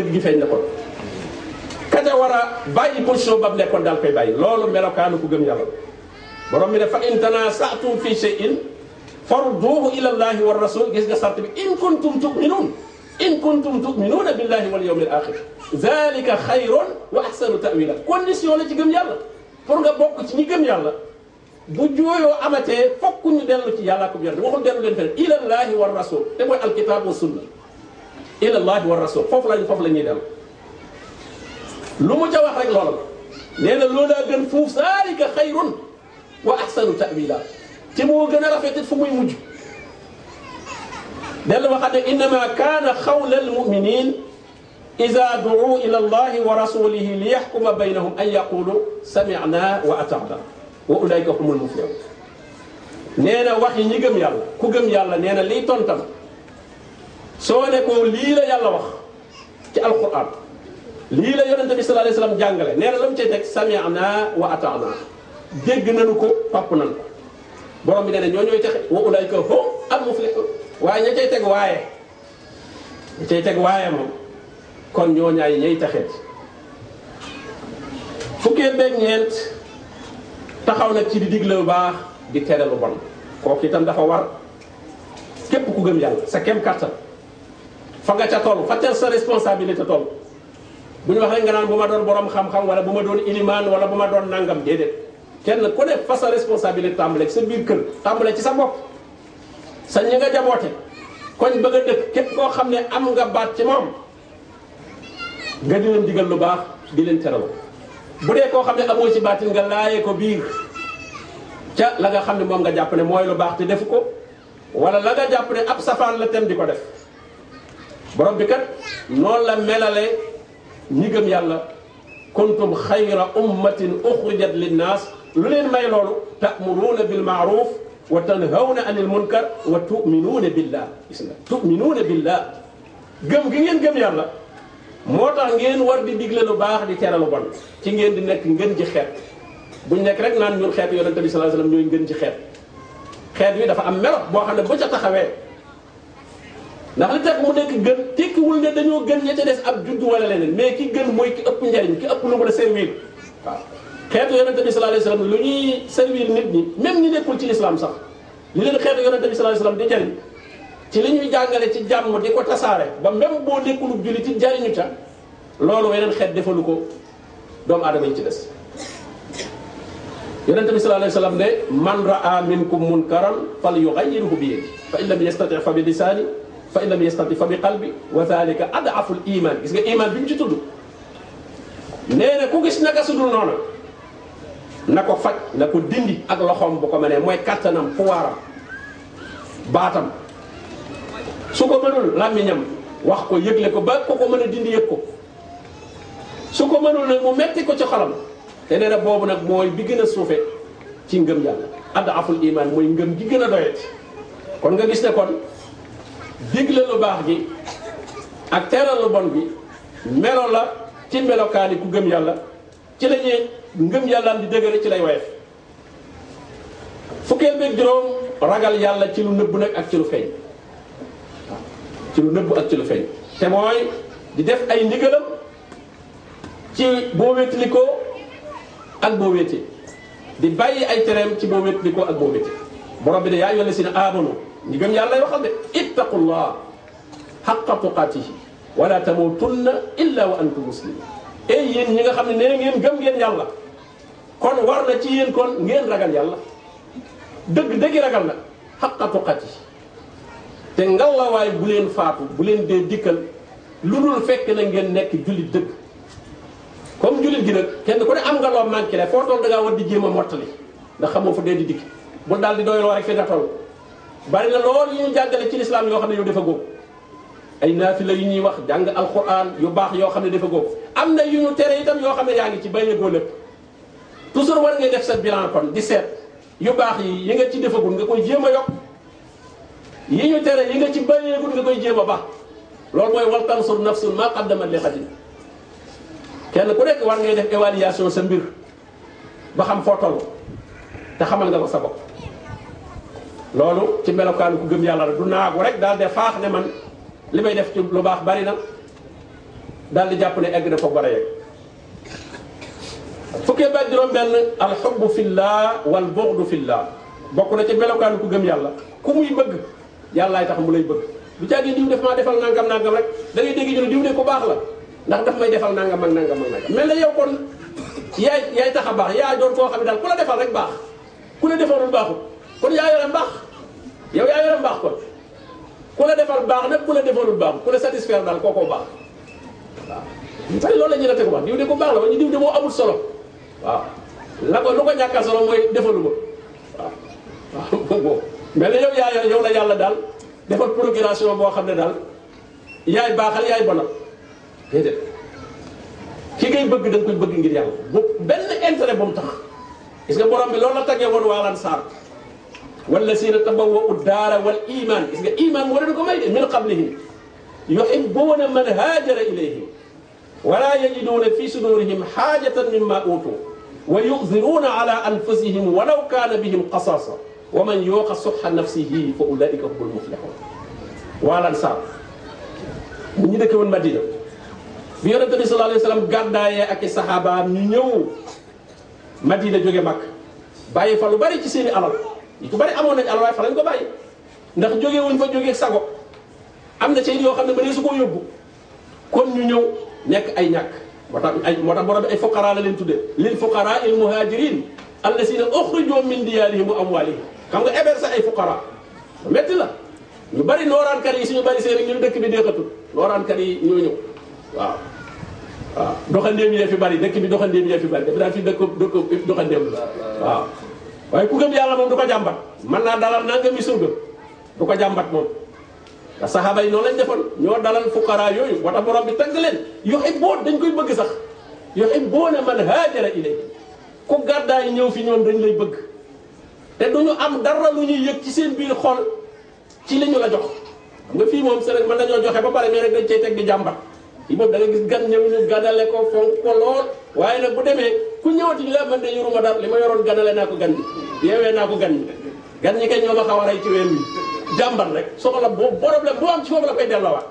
dëgg gi feeñ na kon kaca war a bàyyi position ba mu nekkoon daal koy bàyyi loolu melokaanu ku gëm yàlla borom bi ne fa in tanaasatum fi shay'in farduuhu ila llahi wa rasul gis nga sart bi in kuntum tu'minun in kuntum tu'minuna billahi wal yawmil akhir zalika xayrun wa ahsanu ta'wila condition la ci gëm yàlla pour nga bokk ci ñi gëm yàlla bu jooyoo amatee fokk ñu dellu ci yàlla ko bi yàlla waxul dellu leen feneen ila llahi wa rasul te mooy alkitab wa sunna ilallahi wa rasul foofu lañ foofu la ñuy dem lu mu ca wax rek loolu nee na loolaa gën fuuf zalika xayrun wa ahsanu ta'wila te moo gën a rafetit fu muy mujj dellu waxaat ne innama kaana xawla almuminin ida duu ila allahi wa rasulihi li yaxkuma baynahum an yaqulu samina wa atana wa ulayka humul muflihun nee na wax yi ñi gëm yàlla ku gëm yàlla nee na liy tontam soo ne ko lii la yàlla wax ci alquran lii la yonente bi sallallahu alayhi jàngale nee la mu cay teg sami'na wa ata'na dégg nañu ko topp nañu ko borom bi nee ñoo ñooy texe wa ulaika hum al muflihun waaye ña cay teg waaye ña cay teg waaye moom kon ñoo ñaay ñay texeet fukkee beeg ñeent taxaw na ci di digle lu baax di tere lu bon kooku itam dafa war képp ku gëm yàlla sa kem kàttan fa nga ca toll fa ca sa responsabilité toll bu ñu waxee nga naan bu ma doon borom xam-xam wala bu ma doon ilimaan wala bu ma doon nangam déedéet kenn ku ne fa sa responsabilité tàmbale sa biir kër tàmbale ci sa bopp sa ñi nga jaboote koñ bëgg a dëkk képp koo xam ne am nga baat ci moom nga di leen lu baax di leen teral bu dee koo xam ne amoo ci baatin nga laayee ko biir ca la nga xam ne moom nga jàpp ne mooy lu baax te defu ko wala la nga jàpp ne ab safaan la tem di ko def borom bi kat noonu la melale ñi gëm yàlla kuntum xayra ummatin uxrijat linnaas lu leen may loolu ta'muruuna bil ma'ruf wa tanhawna anil munkar wa tu'minuuna billah gis nga tu'minuuna billah gëm gi ngeen gëm yàlla moo tax ngeen war di digle lu baax di tere lu bon ci ngeen di nekk ngeen ji xeet buñ nekk rek naan ñun xeet yonente bi sallallahu alayhi wasallam ñooy ngeen ji xeet xeet wi dafa am melo boo xam ne bu ca taxawee ndax li tax mu nekk gën tekkiwul ne dañoo gën ña ca des ab juddu wala leneen mais ki gën mooy ki ëpp njariñ ki ëpp lu mën a servir waaw. xeetu yonente bi sallallahu alayhi wasallam lu ñuy servir nit ñi même ñi nekkul ci l'islam sax li leen xeet yonente bi sallallahu alayhi wasallam di jariñ ci li ñuy jàngale ci jàmm di ko tasaare ba même boo nekkul julli ci jariñu ca loolu yeneen xeet defalu ko doomu aadama yi ci des. yonente bi sallallahu alayhi wasallam ne man raa minkum munkaran falyughayyirhu bi yadihi fa in lam yastati' fa bi lisani fa in lam yastati fa bi qalbi wa dhalika aful iman gis nga iman bi mu ci tudd nee na ku gis naka sudul noonu na ko faj na ko dindi ak loxoom bu ko mënee mooy kàttanam fu pouvoiram baatam su ko mënul làmmiñam wax ko yëgle ko ba ko ko mën a dindi yëg ko su ko mënul nag mu metti ko ci xolam te nee na boobu nag mooy bi gën a suufe ci ngëm yàlla adaful iman mooy ngëm gi gën a doyet kon nga gis ne kon digle lu baax gi ak tere lu bon bi melo la ci melokaani ku gëm yàlla ci la ñuy ngëm yàllaan di dëgëre ci lay woyof fukkeel beeg juróom ragal yàlla ci lu nëbb nag ak ci lu feeñ ci te mooy di def ay ndigalam ci boo wétlikoo ak boo wéetee di bàyyi ay tereem ci boo wétlikoo ak boo wéetee borom bi de yaa ayyuhal lazina aamanu ñi gëm yàlla waxal de ittaqullah xaqa tuqaatihi wala tamutunna illa wa antum muslimun ey yéen ñi nga xam ne nee ngeen gëm ngeen yàlla kon war na ci yéen kon ngeen ragal yàlla dëgg dëggi ragal nag xaqa tuqaatihi te ngalawaay bu leen faatu bu leen dee dikkal lu dul fekk na ngeen nekk jullit dëgg comme jullit gi nag kenn ko ne am nga loo manqué ne foo toll da ngaa war di jéem a mottali ndax xamoo fa dee di dikk bu daal di doyloo rek fi nga bari na lool yu ñu jàngale ci lislaam yoo xam ne yow dafa góob ay naafila yu ñuy wax jàng alquran yu baax yoo xam ne dafa góob am na yu ñu tere itam yoo xam ne yaa ngi ci bay yëgoo lépp toujours war ngay def sa bilan kon di seet yu baax yi yi nga ci defagul nga koy jéem a yokk yi ñu tere yi nga ci bàyyeegul nga koy jéem a baax loolu mooy wal tansur nafsun maa qaddamat li xadin kenn ku nekk war ngay def évaluation sa mbir ba xam foo toll te xamal nga ko sa bopp loolu ci melokaanu ku gëm yàlla la du naagu rek daal de faax ne man li may def ci lu baax bari na daal di jàpp ne egg na fa war a yegg fukkee ba juróom-benn alxubbu fillah wal buxdu fillah bokk na ci melokaanu ku gëm yàlla ku muy bëgg yàllaay tax mu lay bëgg du caagi diw def maa defal nangam nangam rek da ngay dégg ñu ne diw de ku baax la ndax daf may defal nangam ak nangam ak nangam mel na yow kon yaay yaay tax a baax yaa doon koo xam ne daal ku la defal rek baax ku la defalul kon yaa yore mbaax yow yaa yore mbaax kon ku la defal baax nag ku la defalul baax ku la satisfaire daal kookoo baax waaw. tey loolu la ñuy nattee ko wax diw de ko baax la ñu diw de moo amul solo waaw la ko lu ko ñàkk solo mooy defalu ko waaw waaw mais yow yaa yore yow la yàlla daal defal procuration boo xam ne daal yaay baaxal yaay bonal bëgg da nga koy bëgg ngir yàlla bu tax gis nga bi loolu la tàggee woon waa Ansaar. wallazina tabawwa'u daara wal iman gis nga iman wala du ko may de min qablihim yuhibbuuna man haajara ilayhim wala yajiduuna fi sudurihim haajatan mimma uutu wa yu'thiruuna ala anfusihim walaw kaana bihim qasaasa wa man yuuqa suhha nafsihi fa ulaa'ika humul muflihuun waa Ansaar ñi dëkk woon Madina bi yonente bi sallallahu alayhi wa sallam gàddaayee ak i saxaabaam ñu ñëw Madina jóge Makka bàyyi fa lu bari ci seeni alal ñu ko bëri amoon nañ alal waaye fa lañ ko bàyyi ndax jóge wuñ fa jógee sago am na ci yoo xam ne ba ne su ko yóbbu kon ñu ñëw nekk ay ñàkk moo tax ay moo tax borom ay fuqara la leen tuddee lil fuqara il muhajirin allasina uxrijoo min diyaarihim wa amwaalihim xam nga héberge ay fuqara métti la ñu bari nooraankat yi suñu bari seen rek ñun dëkk bi déexatul nooraankat yi ñoo ñëw waaw waaw doxandéem yi fi bari dëkk bi doxandéem yi fi bari dafa daan fi dëkk dëkk doxandéem la waaw waaye ku gëm yàlla moom du ko jàmbat man naa dalal nanga mi surga du ko jàmbat moom te saxaaba yi noonu lañ defoon ñoo dalal fuqara yooyu wata borom bi tagg leen boo dañ koy bëgg sax boo yuhibbuuna man haajara ilayhi ku gàddaay ñëw fi ñoom dañ lay bëgg te duñu am dara lu ñuy yëg ci seen biir xol ci li ñu la jox nga fii moom seen man nañoo joxe ba pare mais rek dañ cey teg di jàmbat yi moom da nga gis gan ñëw ñu ganale ko fonk lool waaye nag bu demee ku ñëwati ñu la man de yoruma dara li ma yoroon ganale naa ko gan bi yeewee naa ko gan bi gan ñi kay ñoo ma xaw a rey ci wéen wi jàmbar rek soxla boo problème boo am ci foofu la koy delloowaat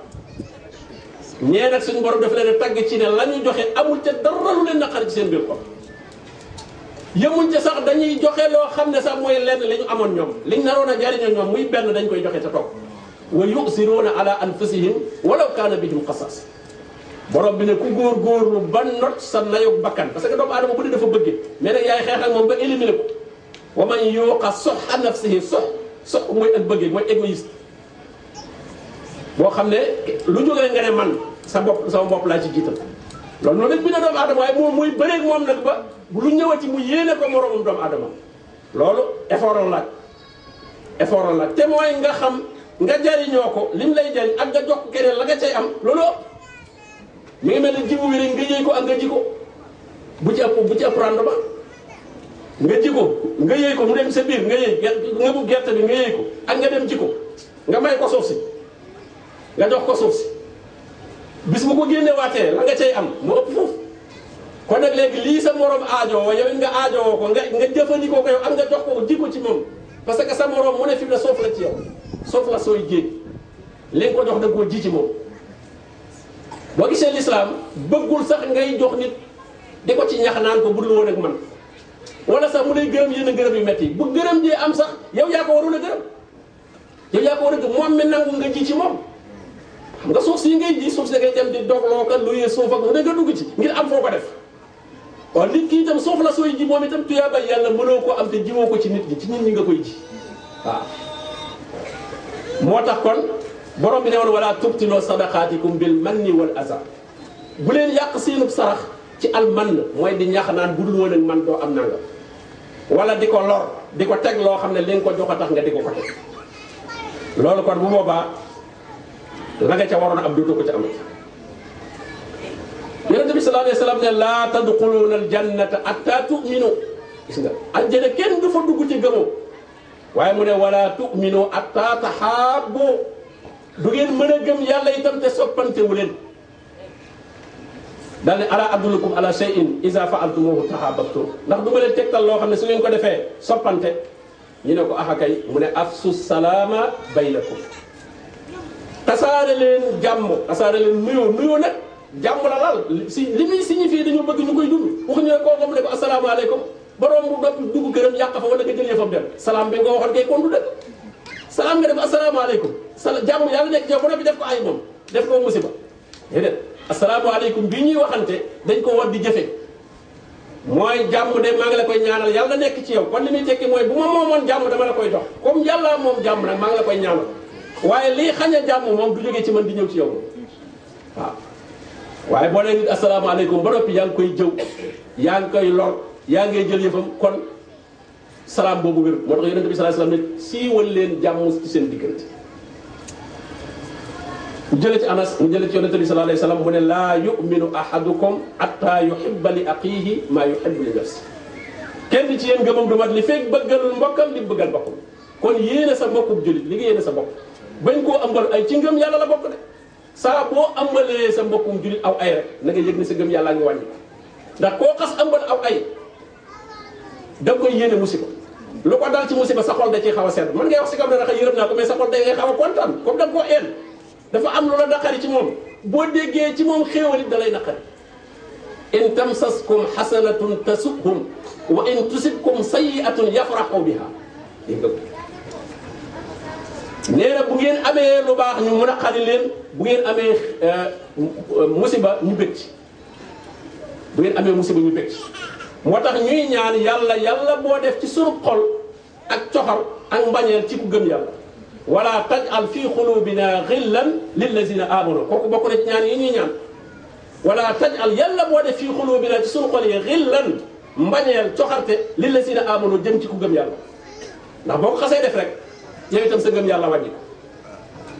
ñee nag suñu borom daf leen tagg ci ne la ñu joxe amul ca dara lu leen naqar ci seen biir xol yemuñ ca sax dañuy joxe loo xam ne sax mooy lenn li ñu amoon ñoom liñ naroon a jariñoo ñoom muy benn dañ koy joxe te toog wa yusiruuna ala anfusihim walaw kaana bihim qasas borom bi ne ku góor góorlu ba not sa layoog bakkan parce que doomu aadama bu ne dafa bëgg mais nag yaay xeex ak moom ba éliminer ko wa man boo xam ne lu jógee man sa bopp sama bopp laa ci loolu noonu lañ bindee doomu aadama waaye moom muy bëreeg moom nag ba lu ñëwati mu yéene ko moromam doomu aadama loolu effort la laaj effort laaj te mooy nga xam nga jariñoo ko lim lay jariñ ak nga jox keneen la nga cay am loolu mi ngi mel ni jiwu wi nga yëy ko am nga ji ko bu ci ab bu ci ab rendement nga ji ko nga yëy ko mu dem sa biir nga yëy nga bu gerte bi nga yëy ko ak nga dem ji ko nga may ko suuf si nga jox ko suuf si bis mu ko génneewaatee la nga cay am mu ëpp foofu. kon nag léegi lii sa morom aajowoo yow nga ko nga nga jëfandikoo ko nga jox ko ji ci moom parce que sa moroom mu ne fi mu soof la ci yow soof la sooy jéeg li nga ko jox da koo ji ci moom. boo gisee lislaam bëggul sax ngay jox nit di ko ci ñax naan ko budul woon ak man wala sax mu lay gërëm yenn gërëm yu metti bu gërëm dee am sax yow yaa ko waroon a gërëm yow yaa ko war a gërëm moom mi nangu nga ji ci moom xam nga suuf si ngay ji suuf si ngay dem di dogloo ko luy suuf ak mu ne nga dugg ci ngir am foo ko def waaw nit ki itam suuf la sooy ji moom itam tuyaaba yàlla mënoo ko am te jiwoo ko ci nit ñi ci nit ñi nga koy ji waaw moo tax kon borom bi ne woon wala tubtiloo sadaqaatikum bil manni wal aza bu leen yàq seenub sarax ci al mann mooy di ñax naan budul woon ak man doo am nanga wala di ko lor di ko teg loo xam ne li nga ko jox a tax nga di ko ko teg loolu boobaa la nga ca waroon am dootoo ko ca amati yonente gis nga àjjana kenn du fa dugg ci gëmoo waaye mu ne wala tu'minu hatta taxaabu du ngeen mën a gëm yàlla itam te soppante wu leen daal ne ala adullukum ala shay'in iza fa'altumuhu tahabbtum ndax du leen tegtal loo xam ne su ngeen ko defee soppante ñu ne ko axa kay mu ne afsu salaama baynakum tasaare leen jàmm tasaare leen nuyoo nuyoo nag jàmm la laal si li muy signifié dañoo bëgg ñu koy dund waxuñu ne kooku mu ne ko asalaamaaleykum borom bu dopp dugg këram yàq fa wala nga jël yëfam dem salaam bi nga waxoon kay kon du dëkk salaam nga def asalaamaaleykum sa jàmm yàlla nekk yow ba noppi def ko ay moom def ko musiba déedéet asalaamaaleykum bi ñuy waxante dañ ko war di jëfe mooy jàmm de maa ngi la koy ñaanal yàlla nekk ci yow kon li muy tekki mooy bu ma moomoon jàmm dama la koy dox comme yàlla moom jàmm nag maa ngi la koy ñaanal waaye lii xañ a jàmm moom du jógee ci man di ñëw ci yow waaw waaye boo nee nit asalaamaaleykum ba noppi yaa ngi koy jëw yaa ngi koy lor yaa ngay jël yëfam kon salaam boobu wér moo tax bi sallallahu alayhi wasallam ne siiwal leen jàmm ci seen diggante mu jëlee ci Anas mu jëlee ci yonente bi sallallahu alayhi wa sallam mu ne laa yuminu ahadukum hatta yuhibba li aqihi maa yuhibbu li nafsi kenn ci yéen gëmam du mat li fekk bëggalul mbokkam li bëggal boppam kon yéene sa mbokkub jullit li nga yéene sa bopp bañ koo ambal ay ci ngëm yàlla la bokk de saa boo ambalee sa mbokkum jullit aw ay rek na nga yëg ni sa gëm yàllaa ngi wàññi ndax koo xas ambal aw ay da koy yéene musiba lu ko dal ci musiba sa xol da ciy xaw a sedd mën ngay wax si kam ne naka yërëm naa ko mais sa xol da ngay xaw a kontaan comme da nga koo een dafa am lu la naqari ci moom boo déggee ci moom xéewal it da lay naqari in tamsaskum xasanatun tasukhum wa in tusibkum sayiatun yafraxu biha nee na bu ngeen amee lu baax ñu mën a leen bu ngeen amee euh, musiba ñu bëgg ci bu ngeen amee musiba ñu bëgg ci moo tax ñuy ñaan yàlla yàlla boo def ci sunu xol ak coxor ak mbañeel ci ku gëm yàlla wala tajal fi xulubina xillan lillazina amanu kooku bokk na ci ñaan yi ñuy ñaan wala tajal yàlla boo def fi xulubina ci suñu xol yi xillan mbañeel coxarte lillazina amanu jëm ci ku gëm yàlla ndax boo ko xasee def rek yow itam sa gëm yàlla wàññi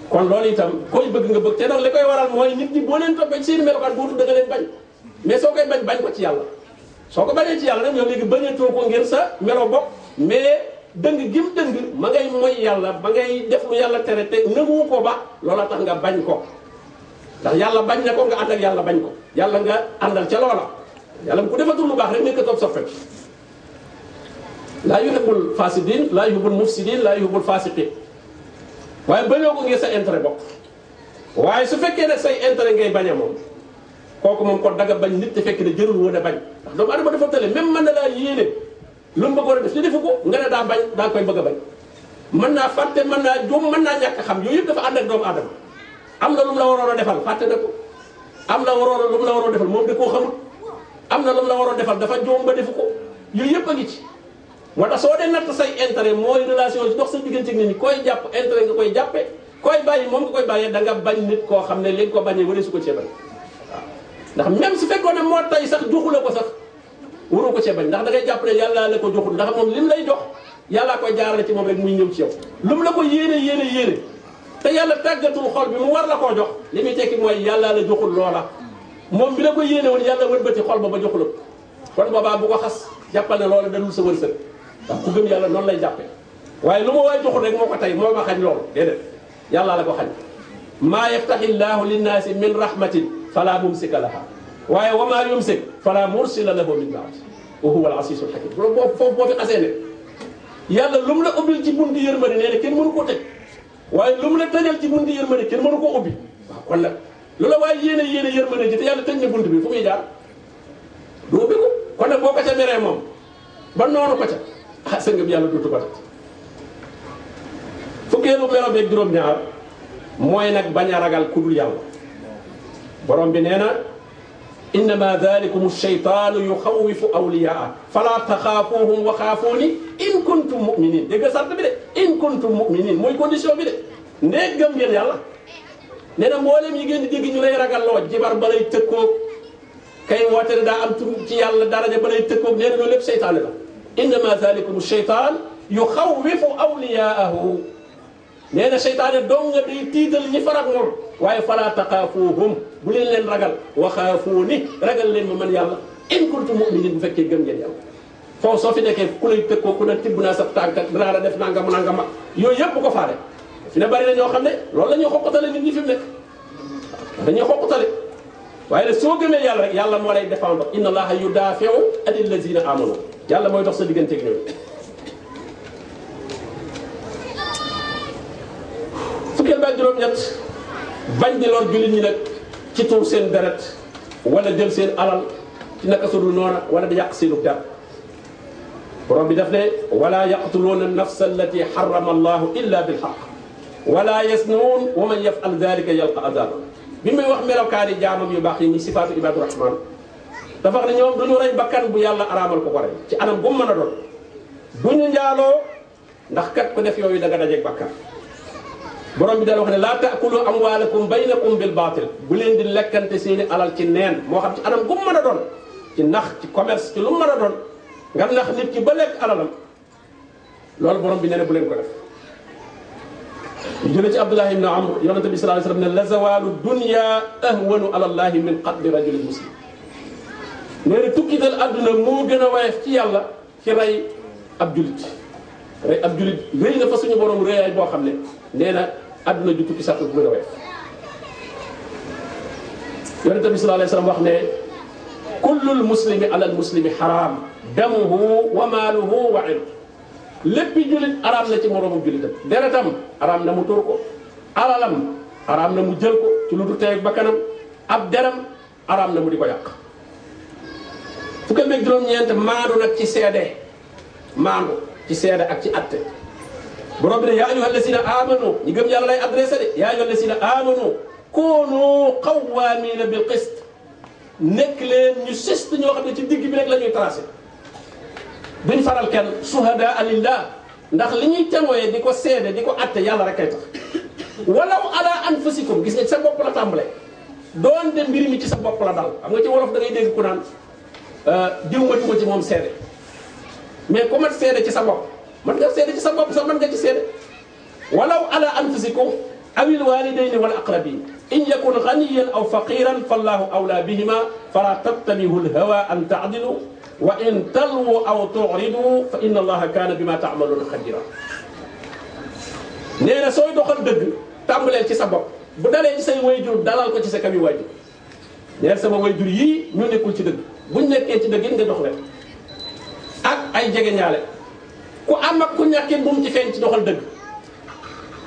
ko kon loolu itam koy bëgg nga bëgg te nag li koy waral mooy nit ñi boo leen toppee ci seen melokaan boobu da nga leen bañ mais soo koy bañ bañ ko ci yàlla soo ko bañee ci yàlla nag yow léegi bañatoo ko ngir sa melo bopp dëng gim dëng ma ngay moy yàlla ba ngay def lu yàlla tere te nangu ko ba loola tax nga bañ ko ndax yàlla bañ na ko nga ànd yàlla bañ ko yàlla nga àndal ca loola yàlla ku defatul lu baax rek nekk top soppe laa yuhibbul fasidin laa yuhibbul mufsidin laa yuhibbul fasiqin waaye bañoo ko ngir sa intérêt bopp waaye su fekkee nag say intérêt ngay bañ a moom kooku moom ko daga bañ nit te fekk ne jërul woon a bañ ndax doomu adama dafa tële même na laa yéene lu mu bëggoon a def te defu ko nga ne daa bañ daa koy bëgg a bañ mën naa fàtte mën naa jóom mën naa ñàkk xam yooyu yëpp dafa ànd ak doomu aadama am na lu mu la waroon a defal fàtte na ko am na waroon lu mu la waroon defal moom da koo xamul am na lu la waroon defal dafa jóom ba defu ko yooyu yëpp a ngi ci moo tax soo dee natt say intérêt moo relation yi dox sa diggante nit ñi koy jàpp intérêt nga koy jàppe koy bàyyi moom nga koy bàyyee da nga bañ nit koo xam ne li nga ko bañee wala su ko cee bañ waaw ndax même su fekkoon ne moo tay sax joxu la ko sax waroo ko cee ba ndax da ngay jàpp ne yàlla la ko joxul ndax moom li lim lay jox yàllaa koy jaarale ci moom rek muy ñëw ci yow lu mu la ko yéene yéene yéene te yàlla tàggatul xol bi mu war la koo jox li muy tekki mooy yàllaa la joxul loola moom bi la ko yéene woon yàlla wëlbati xol ba ba joxula kon boobaa bu ko xas jàppal ne loola dalul sa wërsëg ndax ku gëm yàlla noonu lay jàppe waaye lu ma waay joxul rek moo ko tey moo ma xañ loolu déedéet yàllaa la ko xañ maa yaftaxi llaahu linnaasi min rahmatin fala mumsika laha waaye wa maa yumsik falaa mursila lahu min ba'di wa huwa al-'azizul hakim loolu boo foofu boo fi asee ne yàlla lu mu la ubbil ci bunti yërmande nee na kenn mënu koo tëj waaye lu mu la tëjal ci bunti yërmande kenn mënu koo ubbi waaw kon nag lu la waaye yéene yéene yërmande ji te yàlla tëj na bunt bi fu muy daal du ubbi ko kon nag boo ko ca meree moom ba noonu ko ca ah sëñ bi yàlla duutu ko tëj fukkeelu melo beeg juróom-ñaar mooy nag bañ a ragal ku dul yàlla innama dalikum sheytaanu yuxawifu awliyaa fala taxaafuuhum wa xaafuuni in kuntum muminin dégg nga sart bi de in kuntum muminin mooy condition bi de ndéeg gëm ngeen yàlla nee na mboolem yi ngeen di dégg ñu lay ragalloo jibar ba lay tëkkoog kay woote ne daa am tur ci yàlla daraja ba lay tëkkoog nee na loolu lépp seytaane la innama dalikum sheytaan yuxawifu awliyaahu nee na seytaane dong nga day tiital ñi farak moom waaye falaa taxaafuuhum bu leen leen ragal waxaafuuni ragal leen ma man yàlla in kuntum mu'minin bu fekkee gën ngeen yàlla foofu soo fi nekkee ku lay tëkkoo ku ne tibb naa sa tànk dinaa la def nangam nangam ak yooyu yëpp bu ko faale fi ne bari na ñoo xam ne loolu la ñuy xoqatale nit ñi fi mu nekk dañuy xoqatale waaye nag soo gëmee yàlla rek yàlla moo lay défendre inna allaha yudaafi'u anil lazina amanu yàlla mooy dox sa digganteeg ñoom fukk ba juróom-ñett bañ di lor jullit ñi nag ci tuur seen deret wala jël seen alal ci naka sudul noona wala di yàq seenu der borom bi daf ne wala yaqtuluuna nafsa allati harrama allahu illa bil haqq wala yasnuun wa man yafal dalika yalqa adaba bi muy wax melokaani jaamam yu baax yi ñu sifaatu ibadu rahman dafa wax ne ñoom du ñu rey bu yàlla araamal ko ko ci anam bu mu mën a doon du njaaloo ndax kat ko def yooyu da nga dajeeg bakkan borom bi dana wax ne laa taakulu amwaalakum baynakum bil baatil bu leen di lekkante seeni alal ci neen moo xam ci anam gu mën a doon ci nax ci commerce ci lu mën a doon nga nax nit ki ba lekk alalam loolu borom bi nee na bu leen ko def ñu jëlee ci Abdullah ibn Amr yonente bi sallallahu alayhi wasallam ne la zawaalu dunya ahwanu ala allahi min qatli rajulin muslim nee na tukki dal àdduna moo gën a woyof ci yàlla ci rey ab julit rey ab julit na fa suñu borom rëyaay boo xam ne nee na àdduna ju tukki sàkk bu gën a woyof yonente bi sallallahu alayhi wasallam wax ne kullul muslimi alal muslimi xaraam damuhu wa maaluhu wa irdu léppi julit araam na ci moroomu julitam deretam araam na mu tuur ko araam na mu jël ko ci lu du ab deram araam na mu di ko yàq fukk juróom-ñeent maandu nag ci seede maandu ci seede ak ci atte borom bi ne yaa ayyuhal lazina amanu ñi gëm yàlla lay adressé de yaa ayyuhal lazina amanu koonu qawwaamiina bil ñoo xam ci digg bi rek la ñuy faral kenn suhadaa lillah ndax li ñuy témoyé di ko seede di ko atte yàlla rek kay tax walaw ala anfusikum gis nga sa bopp la tàmbale doon de mbir mi ci sa bopp la dal am nga ci wolof da ngay dégg ku naan euh, diw ma ci moom seede mais ku mat seede ci sa bopp mën nga seede ci sa bopp sax mën nga ci seede walaw ala anfusikum awil walidayni wal aqrabin in yakun ghaniyan aw faqiran fallahu awla bihima fala tattabihu alhawa an taadilu wa in talwu aw tu'ridu fa inna allaha kana bima ta'maluna xabira nee na sooy doxal dëgg tàmbaleel ci sa bopp bu dalee ci say wayjur dalal ko ci sa kami wayjur nee na sama wayjur yii ñu nekkul ci dëgg buñ nekkee ci dëgg it nga dox leen ak ay jegeñaale ku am ak ku ñàkkee bu mu ci feeñ ci doxal dëgg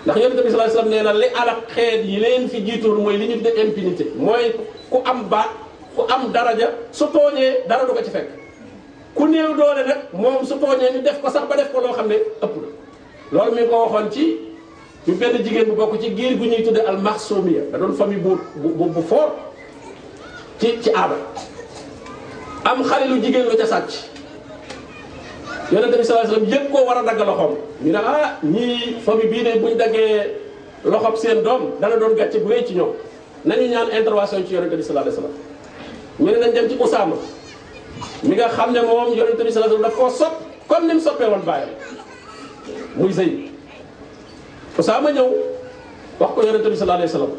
ndax yonent bi sallallahu alayhi wasallam nee na li alak xeet yi leen fi jiitul mooy li ñu de impinité mooy ku am baat ku am daraja su tooñee dara du ko ci fekk ku néew doole nag moom su tooñee ñu def ko sax ba def ko loo xam ne ëpp na loolu mi ngi waxoon ci ñu benn jigéen bu bokk ci giir gu ñuy tudde al maxsumiya da doon famille bu bu bu fort ci ci aada am xale jigéen lu ca sàcc yonente bi sallallahu alayhi wasallam yëpp koo war a dagg loxoom ñu ne ah ñii famille bii de buñ daggee loxob seen doom dana doon gàcce bu rëy ci ñoom nañu ñaan intervention ci yonente bi sallallahu alayhi wasallam ñu ne nañ dem ci Usaama mi nga xam ne moom yonente bi sallallahu alayhi wasallam daf koo sopp comme ni mu soppee woon bàyyam ñëw wax ko yonente bi sallallahu alayhi wasallam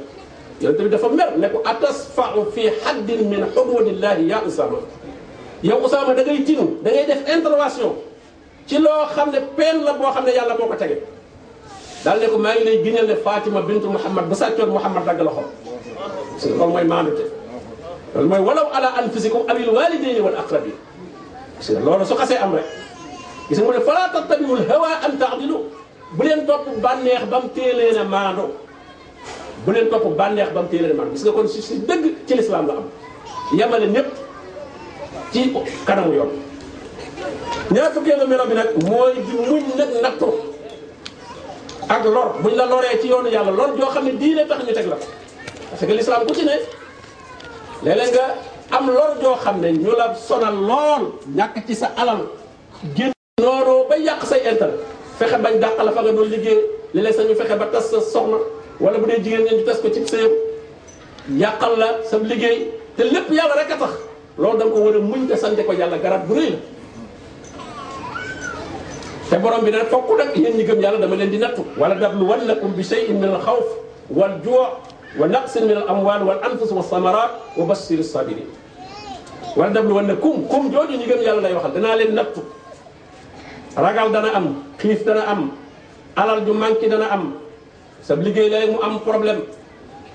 yonente dafa mer ne ko fa atasfa'u fi haddin min hududillahi ya Usaama yow Usaama da ngay tinu da ngay def intervention ci loo xam ne peen la boo xam ne yàlla moo ko tege daal ko maa ngi lay giñal ne Fatima bintu Muhammad bu sàccoon Muhammad dagg loxo parce que kooku mooy maandute loolu mooy walaw ala anfusikum awil walidayni wal aqrabin parce que loolu su xasee am rek gis nga mu ne fala tattabiul hawa an taadilu bu leen topp bànneex ba mu téelee ne maando bu leen topp bànneex ba mu téelee ne maando gis nga kon si si dëgg ci lislaam la am yemale ñëpp ci kanamu yoon ñaar fukkeelu melo bi nag mooy di muñ nag nattu ak lor buñ la loree ci yoonu yàlla lool joo xam ne diine tax ñu teg la parce que l'islam ku ci ne léeg-léeg nga am lor joo xam ne ñu la sonal lool ñàkk ci sa alal génn nooroo ba yàq say intérêt fexe bañ dàq la fa nga doon liggéey léeg-léeg sax ñu fexe ba tas sa soxna wala bu dee jigéen ñi ñu tas ko ci sëyam yàqal la sa liggéey te lépp yàlla rek a tax loolu da ko war a muñ te sante ko yàlla garab bu rëy te borom bi nag fokk nag yéen ñi gëm yàlla dama leen di nattu wala nabluwannakum bi shay'in min al xawf wal juu wa naqsin min al amwal wal anfus wa samarat wa bashir sabirin wala nabluwannakum kum jooju ñi gëm yàlla lay waxal danaa leen nattu ragal dana am xiif dana am alal ju manqué dana am sa liggéey léeg mu am problème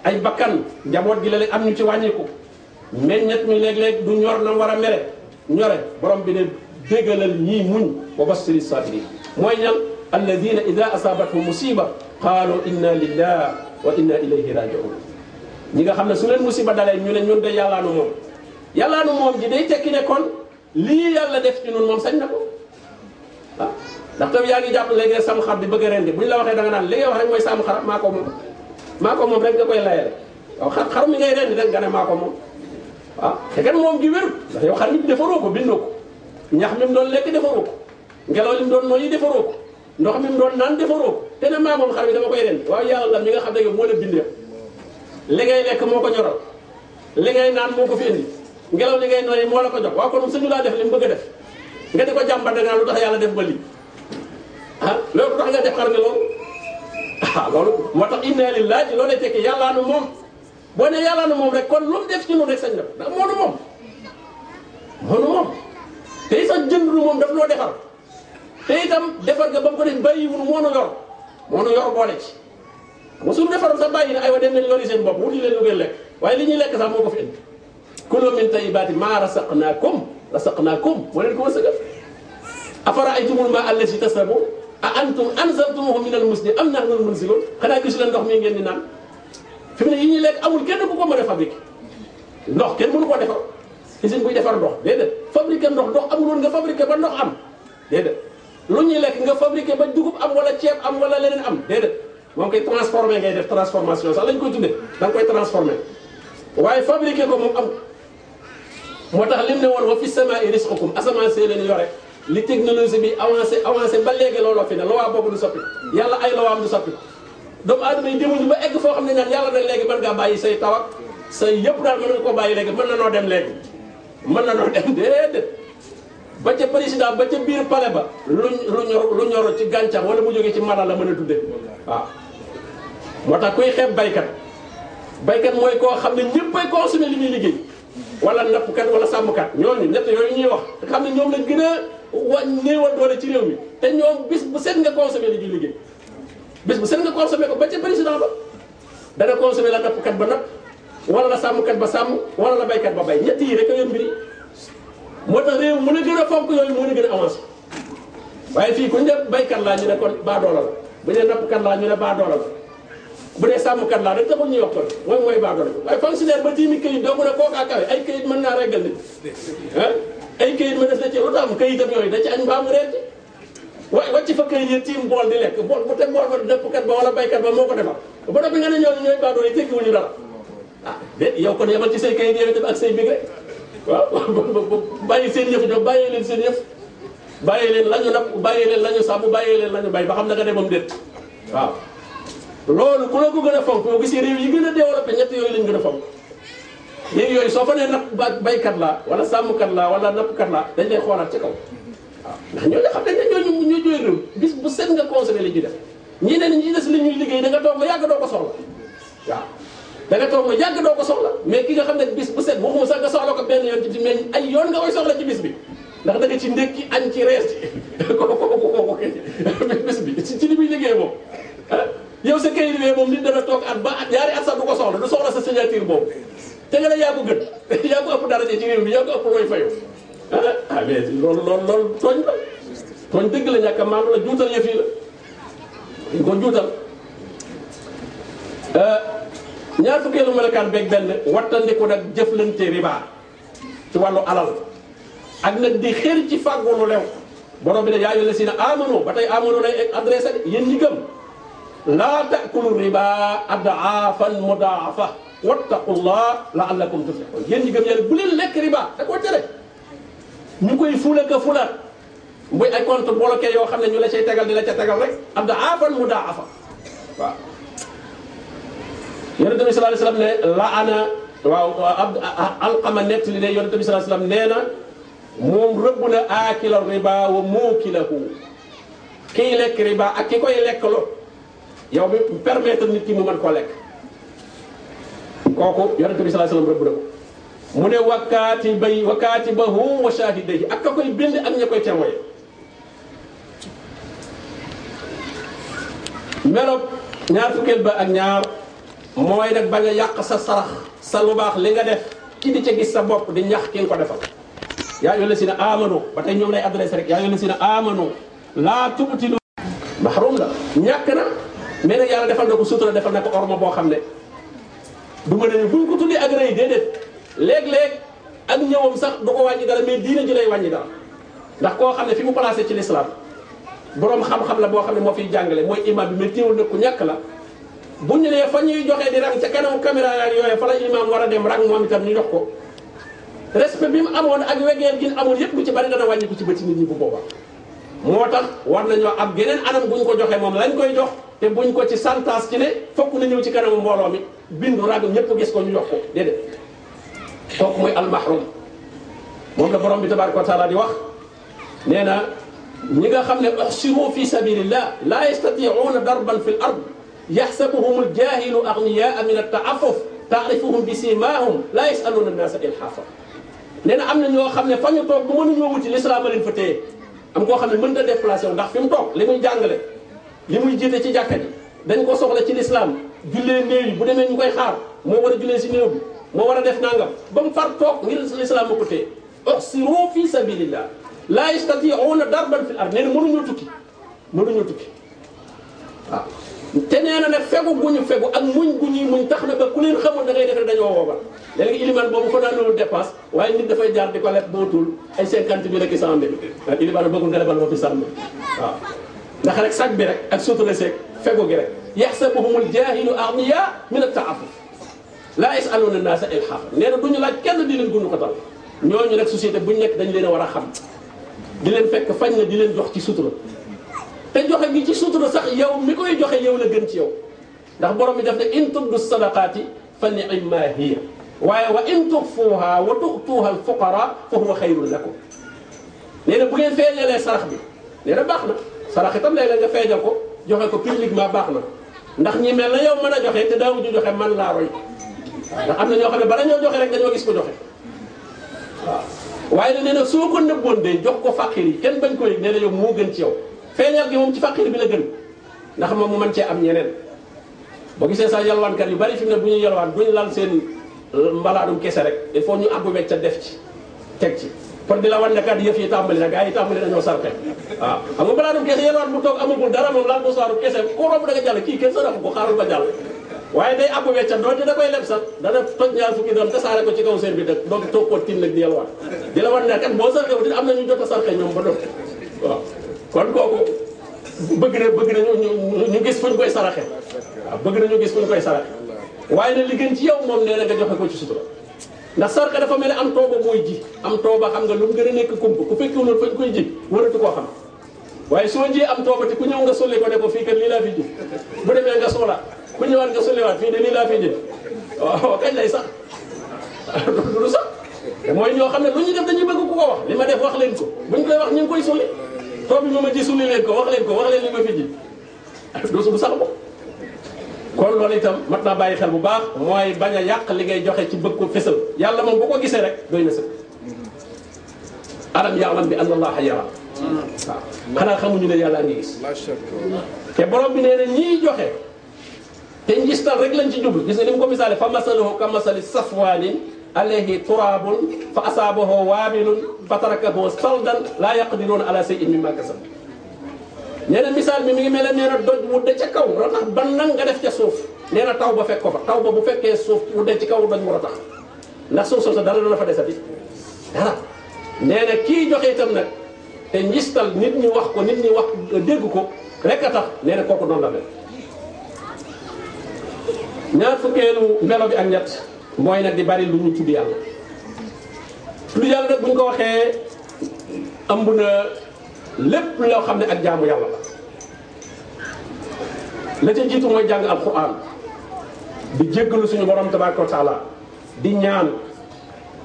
ay bakkan njaboot gi léeg am ñu ci wàññiku meññet mi léeg-léeg du ñor na war a mere ñore borom bi ne bégalal ñii muñ wa bassiri sabirin mooy ñan alladina ida asaabathum musiba qaalu inna lillah wa inna ilayhi rajiun ñi nga xam ne su leen musiba dalee ñu ne ñun de yàllaanu moom yàllaanu moom ji day tekki ne kon lii yàlla def ci ñun moom sañ na ko ah ndax tam yaa ngi jàpp léegi sam xar di bëgg a rendi bu ñu la waxee da nga naan li ngay wax rek mooy sam xar maa ko moom maa ko moom rek nga koy layale waaw xar xar mi ngay rendi rek ne maa moom waaw ah, te kan moom gi wérut ndax yow xar nit defaroo ko bindoo ko ñax mi mu doon lekk defaroo ko ngelaw li mu doon noyyi defaroo ko ndox mi mu doon naan defaroo ko te ne maa moom xar bi dama koy ren waaw la mi nga xam ne yow moo la bindee li moo ko ñoral li ngay moo ko fi ngelaw li ngay noyyi moo la ko jox waaw kon suñu def li mu bëgg def nga def ko jàmbat da ngaa lu tax yàlla def ba lii ah loolu tax nga def xar nga loolu ah loolu moo tax inna laaj loolu lay tekki yàllaa nu moom boo ne yàllaa nu moom rek kon lu def ci ñun rek sañ na ndax moo nu moom moo nu moom te sax jënd lu moom daf loo defar te itam defar nga ba mu ko def bàyyiwul moo nu yor moo nu yor boole ci mosul defaroon sax bàyyi na aywa dem nañ lori seen bopp wuti leen lu ngeen lekk waaye li ñuy lekk sax moo ko fi indi kulu min tayyibaati maa rasaqnaakum rasaqnaakum moo leen ko war a sëgal afara'aytumul maa'a allazii tashrabuun a antum anzaltumuuhu minal musni am nahnul munziluun xanaa gisu leen ndox mi ngeen di naan fi mu ne yi ñu lekk amul kenn ku ko mën a fabriqué ndox kenn mënu ko defar. usine buy defar ndox déedéet fabriquer ndox ndox amul woon nga fabriquer ba ndox am déedéet lu ñuy lekk nga fabriquer ba dugub am wala ceeb am wala leneen am déedéet moom koy transformer ngay def transformation sax lañ koy tuddee da koy transformer waaye fabriquer ko moom am moo tax lim ne woon wa fi samaa'i rizqukum asamaan see leen yore li technologie bi avancé avancé ba léegi looloo fi ne lowaa boobu du soppi yàlla ay am du soppi doomu aadama yi demuñu ba egg foo xam ne ñaan yàlla na léegi mën ngaa bàyyi say tawak say yëpp daal mën nga ko bàyyi léegi mën na noo dem léegi mën na noo dem déedéet ba ca président ba ca biir palais ba lu lu ñor lu ñoro ci gàncax wala mu jógee ci mala la mën a tudde waaw moo tax kuy xeeb baykat baykat mooy koo xam ne ñëppay consommer li ñuy liggéey wala nappkat wala sàmmkat ñooñu ñett yooyu ñuy wax xam ne ñoom lañ gën a wa néewal doole ci réew mi te ñoom bis bu set nga koo consommer li ñuy liggéey bis bu set nga consommer ko ba ca président ba dana consommer la nappkat ba nag wala la sàmmkat ba sàmm wala la baykat ba bay ñett yi rek a yor mbiri moo tax réew mën a gën a fonk yooyu mën a gën a avancé waaye fii ku ñu ne baykat laa ñu ne kon baa doola la bu ñu ne nappkat laa ne baa doola la bu dee sàmmkat laa rek taxul ñuy wax kon mooy mooy baa doola waaye fonctionnaire ba tiimi mën a kookaa kawe ay këyit mën naa reggal nit ah ay këyit mën da ci wa wàcc fa këyit yi tiim bool di lekk bool bu te bool ba nappkat ba wala baykat ba moo ko defar ba noppi nga ne ñooñu ñooy baa doola yi tekkiwuñu dara ah de yow kon yamal ci say kayit yow itam ak say mbir rek waaw bàyyi seen yëf ñoom bàyyi leen seen yëf bàyyi leen la ñu napp bàyyi leen la ñu sàmm bàyyi leen la ñu bay ba xam na nga demam déet waaw. loolu ku la ko gën fonk gisee réew yi gën a développé ñett yooyu lañ gën a fonk léegi yooyu soo fa nee napp baykat laa wala sàmmkat laa wala nappkat laa dañ lay xoolaat ci kaw waaw ndax ñooñu xam nañ ne ñooñu ñoo jooy réew bis bu set nga consommé li ñuy def ñii ne ñi des li ñuy liggéey da nga toog ba yàgg doo ko soxla da nga toog lu yàgg doo ko soxla mais ki nga xam ne bis bu set waxuma sax nga soxla ko benn yoon ci mais ay yoon nga koy soxla ci bis bi ndax da nga ci ndékki añ ci rees ci kooku kooku bis bi ci li muy liggéey moom ah yow sa kayit bi moom nit dana toog at ba at ñaari at sax du ko soxla du soxla sa signature boobu te nga ne yaa ko gën yaa ko ëpp daraja ci réew mi yaa ko ëpp looy fayu ah, ah mais loolu loolu loolu tooñ la tooñ dëgg la ñàkk a maandu la juutal yëf yi la dañ ko juutal euh, ñaar fukkeelu melokaan beeg benn wattandiku nag jëflante riba ci wàllu alal ak nag di xër ci fàggu lu lew borom bi ne yaa ayyuhal lazina amanu ba tey amanu lay adressé yéen ñi gëm laa taakulu riba adaafan mudaafa wattaqullah laallakum tuflihun yéen ñi gëm yàlla bu leen lekk riba da koo ñu koy fula ka fula muy ay compte yoo xam ne ñu la cay tegal di la ca tegal rek adaafan mudaafa waaw yonent bi sallallahu alayhi wa sallam ne la ana waaw alqama nett li ne yonent bi sallallahu alayhi wa na moom rëbb na aakila riba wa muukilahu kiy lekk riba ak ki koy lekkaloo yow bi permettre nit ki mu mën koo lekk kooku yonent bi rëbb na ko mu ne wakkaati bay wakkaati ba hu wa shahidayhi ak ka koy bind ak ña koy teewee melo ñaar fukkeel ba ak ñaar mooy nag ba a yàq sa sarax sa lu baax li nga def ki di ca gis sa bopp di ñax ki nga ko defal yaa si ne amanu ba tey ñoom lay adressé rek yaa ayyuha llazina amanu laa tubtilu mahrum la ñàkk na mais ne yàlla defal na ko sutura defal na ko orma boo xam ne du ma ne buñ ko tuddee agréé déedéet léeg-léeg ak ñëwam sax du ko wàññi dara mais diina ji lay wàññi dara ndax koo xam ne fi mu placé ci l'islam borom xam-xam la boo xam ne moo fiy jàngale mooy imam bi mais téewul nag ku ñàkk la bu ñu nee fa ñuy joxee di rang ca kanamu caméra yaak yooyu fa la imaam war a dem rang moom itam ñu jox ko respect bi mu amoon ak wegeel gi amoon yëpp bu ci bari dana wàññi ko ci bëti nit ñi bu boobaa. moo tax war nañoo am geneen anam bu ñu ko joxee moom lañ koy jox te buñ ko ci santaas ci ne fokk na ñëw ci kanamu mbooloo mi bindu rang ñëpp gis ko ñu jox ko déedéet. kooku mooy almahrum moom la borom bi tabaaraka wa taala di wax nee na ñi nga xam ne uhsiru fi sabilillah la yastati'una darban fil ard yaxsabuhumul jaahilu agniyaa min at-ta'affuf taarifuhum bi siimaahum laa yasaluuna naasa ilhaafa nee na am na ñoo xam ne fa ñu toog bu mënuñoo wuti lislaam a leen fa téye am koo xam ne mënut a déplacé wu ndax fi mu toog li muy jàngale li muy jiite ci jàkka ji dañ ko soxla ci lislaam jullee néew yi bu demee ñu koy xaar moo war a jullee si néew bi moo war a def nangam ba mu far toog ngir lislaam a ko téye uxsiru fi sabilillah laa yastatiuuna darban fil ard nee na mënuñoo tukki mënuñoo tukki waaw te nee na ne fegu gu ñu fegu ak muñ gu ñuy muñ tax na ba ku leen xamul da ngay def rek dañoo wooba léegi iliman boobu fa daan loolu dépasse waaye nit dafay jaar di ko leb bootul ay cinquante mille ak i bi mille ak iliman bëggul nga lebal ma fi sànni waaw ndax rek sag bi rek ak sutura seeg fegu gi rek yaxsabuhumul jaahilu aghniyaa min sa taaffuf laa yas'aluuna an-naasa ilhaafa nee na du ñu laaj kenn di leen gundu ko tal ñooñu nag société bu ñu nekk dañu leen a war a xam di leen fekk fañ na di leen jox ci sutura te joxe gi ci sutura sax yow mi koy joxe yow la gën ci yow ndax borom mi daf ne in tubdu sadaqaati fa ni'ma hiya waaye wa in tuxfuuha wa tu'tuuha al fuqara fa huwa xayrun lakum nee na bu ngeen feeñalee sarax bi nee na baax na sarax itam léeg-léeg nga feeñal ko joxe ko publiquement baax na ndax ñi mel na mën a joxe te daawuñu joxe man laa roy ndax am na ñoo xam ne bala ñoo joxe rek dañoo gis ko joxe waaw waaye nee na soo ko nëbboon de jox ko fàqir yi kenn bañ ko yëg nee na yow moo gën ci yow feeñal gi moom ci faqiir bi la gën ndax moom mu man cee am ñeneen boo gisee sax yalwaankat yu bari fi mu ne bu ñuy yalwaan bu ñu lal seen euh, mbalaanum kese rek il faut ñu abu wecca def ci teg ci kon di la wan ne kat yëf yi tàmbali na gaa yi tàmbali nañoo sarte waaw xam nga mbalaanum kese yalwaan bu toog amagul dara moom laal bosaaru kese ku romb da jàll kii kenn sa def ko xaaral ba jàll waaye day àggu wecca doonte da koy leb sax dana toj ñaar fukki doon tasaare ci kaw seen bi dëkk donc toog ko tim nag di yalwaan di la wan ne am na ñu jot a sarte ñoom ba doon kon kooku bëgg na bëgg nañu ñu gis fu ñu koy saraxe waaw bëgg nañu gis fu ñu koy saraxe waaye nag li gën ci yow moom nee na nga joxe ko ci sutura ndax sarka dafa mel ne am tooba mooy ji am tooba xam nga lu mu gën a nekk kump ku fekkiwuloon fañ koy ji waratu koo xam waaye soo jiyee am tooba te ku ñëw nga solli ko ko fii kat lii laa fi ji bu demee nga soxla ku ñëwaat nga solliwaat fii de lii laa fi ji waaw kañ lay sax du sax mooy ñoo xam ne lu ñu def dañuy bëgg ku ko wax li ma def wax leen ko buñ koy wax ñu ngi koy solli tool bi ma ma ji sunu leen ko wax leen ko wax leen li ma fi ji doo bu sax moom kon loolu itam mat naa bàyyi xel bu baax mooy bañ a yàq li ngay joxe ci bëgg ko fésal yàlla moom bu ko gisee rek doy na sëkk alam yaalam bi anna allaha yara waaw xanaa xamuñu ne yàlla ngi gis te borom bi nee na ñii joxe te ngistal rek lañ ci jublu gis nga ni mu ko misaale fa masaluhu ka masali safwaanin alayhi turaabun fa asaabahu waabilun fa tarakahu saldan laa yaqdiruuna ala shay'in mimmaa kasab nee na misaal bi mi ngi mel ne nee na doj wudde ca kaw ratax ban nan nga def ca suuf nee taw ba fekk ko fa taw ba bu fekkee suuf wudde ci kaw doj mu ratax ndax suuf soosu dara dana fa desati dara nee kii joxe itam nag te njistal nit ñi wax ko nit ñi wax dégg ko rek a tax nee na kooku noonu la mel ñaar fukkeelu melo bi ak ñett mooy nag di bari lu ñu tudd yàlla tudd yàlla ñu ko waxee ëmb na lépp loo xam ne ak jaamu yàlla la la ca jiitu mooy jàng alquran di jéggalu suñu borom tabaraka wa taala di ñaan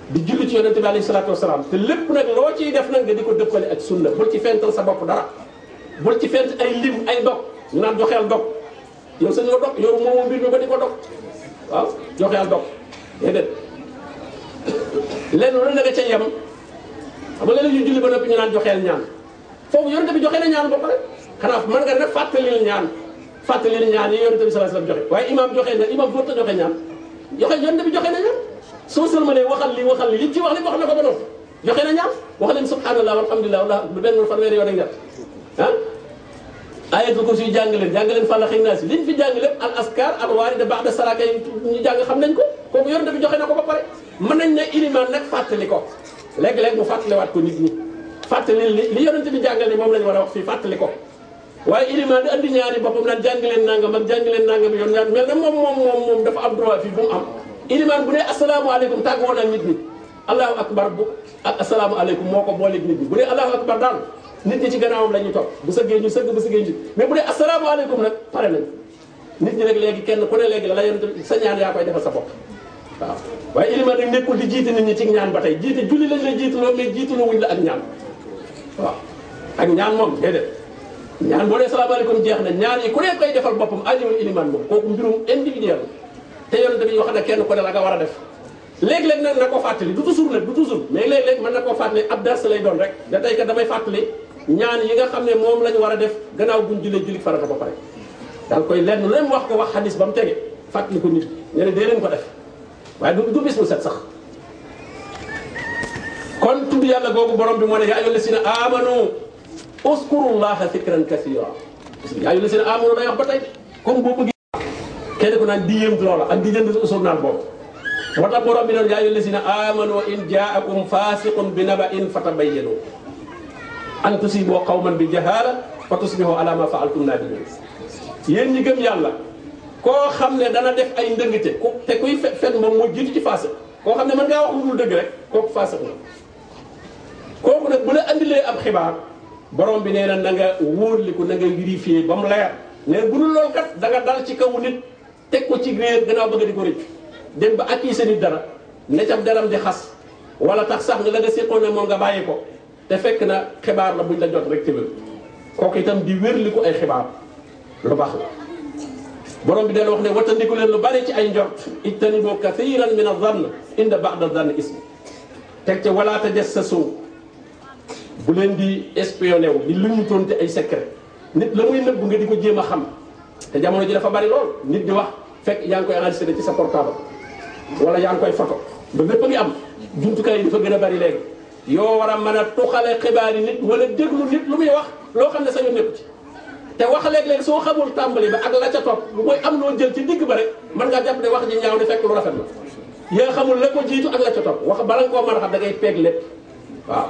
di julli ci yonente bi alayhi salaatu lépp loo ciy def nag di ko dëppale ak sunna bul ci fental sa bopp dara bul ci fent ay lim ay dog ñu naan joxeel dog yow sañoo dog yow moomoo mbir mi ba di ko dog joxeel dog déedéet lenn lu ne nga ca yem xam nga léeg-léeg ñu julli ba noppi ñu naan joxeel ñaan foofu yonent bi joxe na ñaan ba pare xanaa mën nga nag fàttalil ñaan fàttalil ñaan yi yonent bi sallallahu alayhi wasallam joxe waaye imaam joxe na imaam foofu joxe ñaan joxe yonent bi joxe na ñaan soo sëlmalee waxal li waxal li li ci wax li wax na ko ba noppi joxe na ñaan wax leen subhanallah walhamdulillah wala lu benn fanweeri yoon ak ñett ah ayat la ko suy jàngaleen leen fàlla xëy naa si liñ fi jàng lépp al askar al waarida ba'da salaaka yi ñu jàng xam nañ ko kooku yoon dafa joxe na ko ba pare mën nañ ne iliman nag fàttali ko léeg-léeg mu fàttaliwaat ko nit ñi fàttali li li yonente bi jàngale moom lañ war a wax fàttali ko waaye iliman di andi ñaari boppam naan leen nangam ak jàng leen nangam yoon ñaar mel na moom moom moom moom dafa am droit fii bu mu am iliman bu ne asalaamaaleykum tàggoo naa nit ñi allahu akbar ak asalaamaaleykum moo ko booleeg nit ñi bu ne allahu akbar daal nit ñi ci gannaawam la ñu topp bu sëggee ñu sëgg bu sëggee ñu mais bu dee asalaamaaleykum nag pare nañ nit ñi rek léegi kenn ku ne léegi la la yonent sa ñaan yaa koy defal sa bopp waaw waaye iliman nag nekkul di jiite nit ñi ci ñaan ba tey jiite julli lañ lay jiitaloo mais jiitalu wuñ la ak ñaan waaw ak ñaan moom déedéet ñaan boo dee salaamaaleykum jeex na ñaan yi ku ne koy defal boppam ajowul iliman moom kooku mbirum individuel te yonent bi wax na kenn ku ne la nga war a def léeg-léeg nag na ko fàttali du toujours nag du toujours mais léeg-léeg mën na koo fàttali ab dars lay doon rek da tey kat damay fàttali ñaan yi nga xam ne moom lañu war a def gannaaw buñ jullee jullit farata ba pare dal koy lenn leen wax ko wax xadis ba mu tege fàttali ko nit ñe ne dee leen ko def waaye du bis mu set sax kon tudd yàlla googu borom bi moo ne yaa ayyuha lasina amanu uskurullaha zikran kasira yaa ayyuha lasina amanu day wax ba tey comme boo kenn ko naan di yéem loola ak di jënd journal boobu moo tax borom bi noonu yaa ayyuha lasina amanu in jaakum fasiqun bi naba'in fatabayyanu an tusibu qawman bi jahaala fa tusbihu ala ma fa'altum nadimin yéen ñi gëm yàlla koo xam ne dana def ay ndëngte ku te kuy fet fet moom moo jiitu ci faase koo xam ne mën ngaa wax lu dul dëgg rek kooku faase na kooku nag bu la andilee am xibaar borom bi nee na na nga wóorliku na nga vérifier ba mu leer mais bu dul loolu kat da nga dal ci kaw nit teg ko ci réer gannaaw bëgg di ko rëcc dem ba accuser nit dara ne cam deram di xas wala tax sax nga la nga ne moom nga ko te fekk na xibaar la buñ la jot rek tëbal kooku itam di wérli ko ay xibaar lu baax la borom bi dañ wax ne wattandiku leen lu bari ci ay njort ijtanibu kathiran min az-zann inda ba'da az-zann ism teg ca wala tajassasu bu leen di espionné wu di luñutoon te ay secret nit la muy nëbbu nga di ko jéem a xam te jamono ji dafa bari lool nit di wax fekk yaa ngi koy enregistré ci sa portable wala yaa ngi koy photo ba lépp a ngi am jumtukaay yi dafa gën a bari léegi yoo war a mën a tuxale xibaar yi nit wala déglu nit lu muy wax loo xam ne sa yoon ci te wax léeg-léeg soo xamul tàmbali ba ak la ca topp bu koy am loo jël ci digg ba rek mën ngaa jàpp ne wax ji ñaaw ne fekk lu rafet la yaa xamul la ko jiitu ak la ca topp wax bala nga koo mën a da ngay peeg lépp waaw